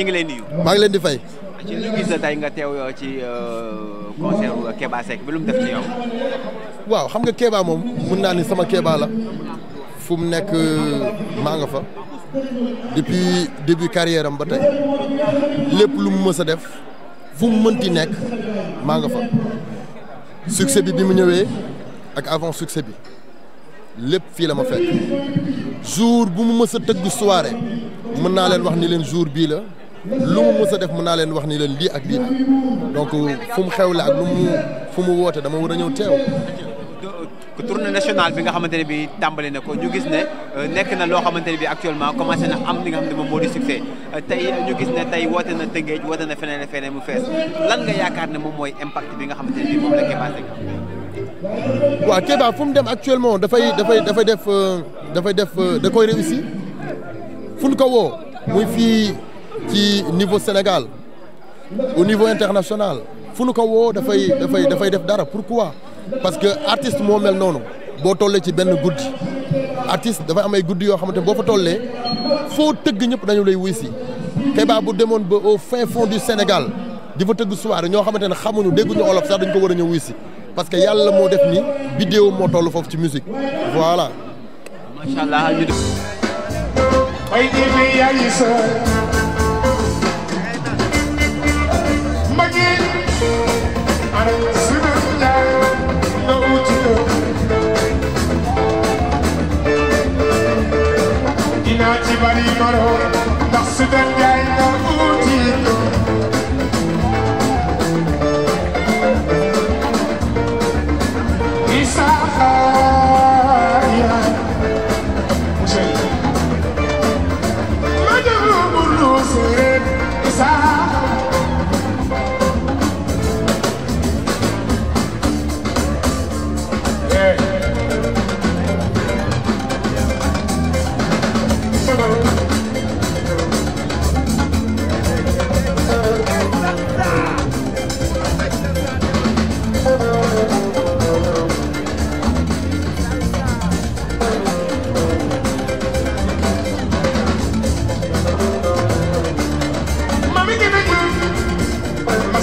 ñu ngi lay nuyu. maa ngi leen di fay. ci ñu gis tey nga teew euh, ci euh, concert Keba Seck bi lu waaw xam nga Keba moom mun naa ni sama Keba la fu mu nekk euh, maa nga fa depuis début carrière ba tey lépp lu mu mës a def fu mu mënti nekk maa nga fa succès bi bi mu ñëwee ak avant succès bi lépp fii la ma fekk jour bu mu mës a tëgg soirée mën naa leen wax ni leen jour bii la. lu mu mës def mu naa leen wax nii leen lii ak lii donc fu mu la ak lu mu fu mu woote dama war a ñëw teew. tournée national bi nga xamante ne bi tàmbali ne ko ñu gis ne euh, nekk na loo xamante ne bi actuellement commencé na am li nga xam ne moom moo di succès euh, ñu gis ne tey woote na Tëngéej woote na feneen feneen mu fees lan nga yaakaar ne moom mooy impact bi nga xamante ne bi moom la Kéba Seck fu mu dem actuellement dafay dafay dafay def euh, dafay def da koy réussir fu ñu ko woo muy fii ci niveau Sénégal au niveau international fu nu ko woo dafay dafay dafay def dara pourquoi parce que artiste moo mel noonu boo tollee ci benn guddi artiste dafa am ay guddi yoo xamante ne boo fa tollee foo tëgg ñëpp dañu lay wuy si Keba bu demoon ba au fin fond du Sénégal di fa tëgg soirée ñoo xamante ne xamuñu dégguñu olof sax dañ ko war a ñëw wuy si parce que yàlla moo def ni vidéo moo toll foofu ci musique voilà. macha allah.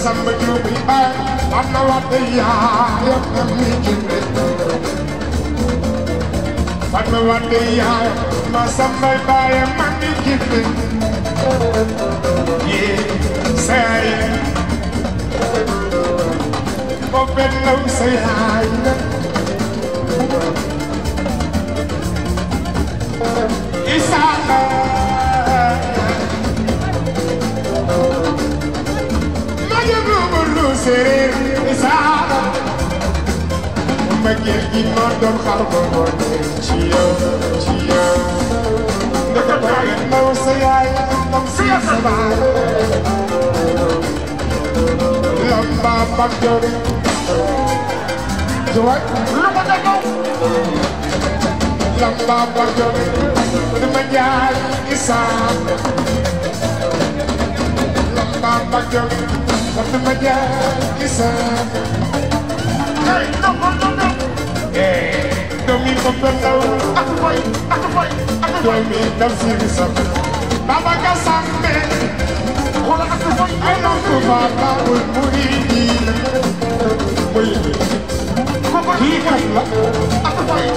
Samba Diop yi baay am na waat ay yaayam dem ni jinde am na waat ay yaayam ma Samba baayam man ni jinde yee say ko benn law say yaay bi ma doon xaar ba moo nekk ci yow ci yow. naka taay ndaw sa yaay ndaw si sa baay. lamba bam jori. jooy. lu ko déggoon. lamba bam jori. dama jaay isaan. lamba bam jori. dama jaay isaan. doomi Moussa Sow ak Foy ak Foy ak Foy doomi Tafsir Sow Babacar Sambe wala ak Foy ay na ko Babul Muridi mooy kii kat la ak Foy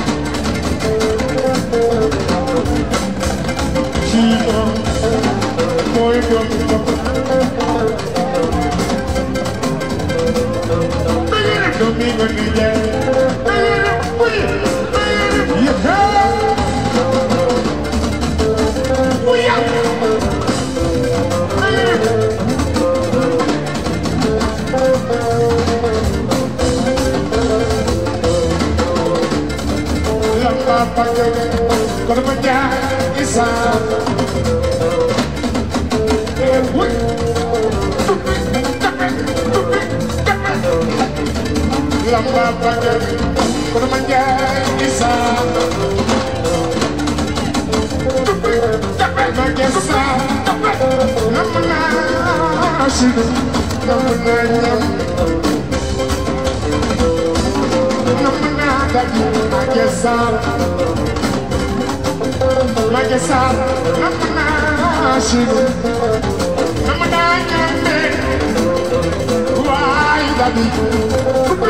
lamba bagal kon ma jaay ci saa ma jaay saa nam naa asidu nam naa ñam nam naa daju ma jaay saa ma jaay saa nam naa asidu nam naa ñam waaye daju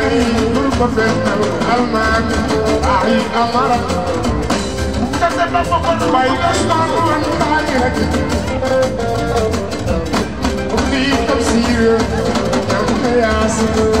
بفهم الألمان أعي أمرك تتبقى بين أسطران عليك في تفسير كم ياسر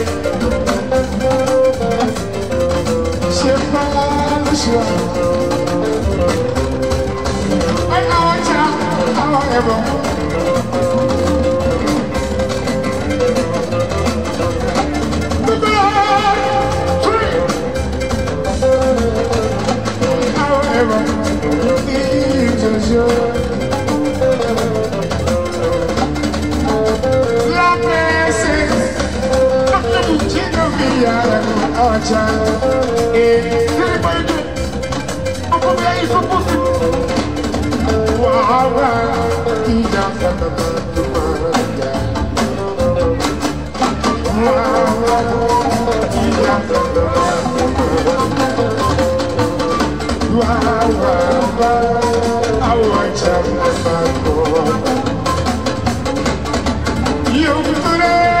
sure. An hour time, however. The blood tree, however, is assured. Yeah, I'm a child. You could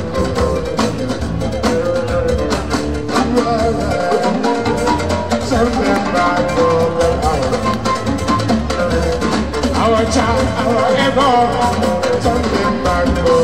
forever. Turn them back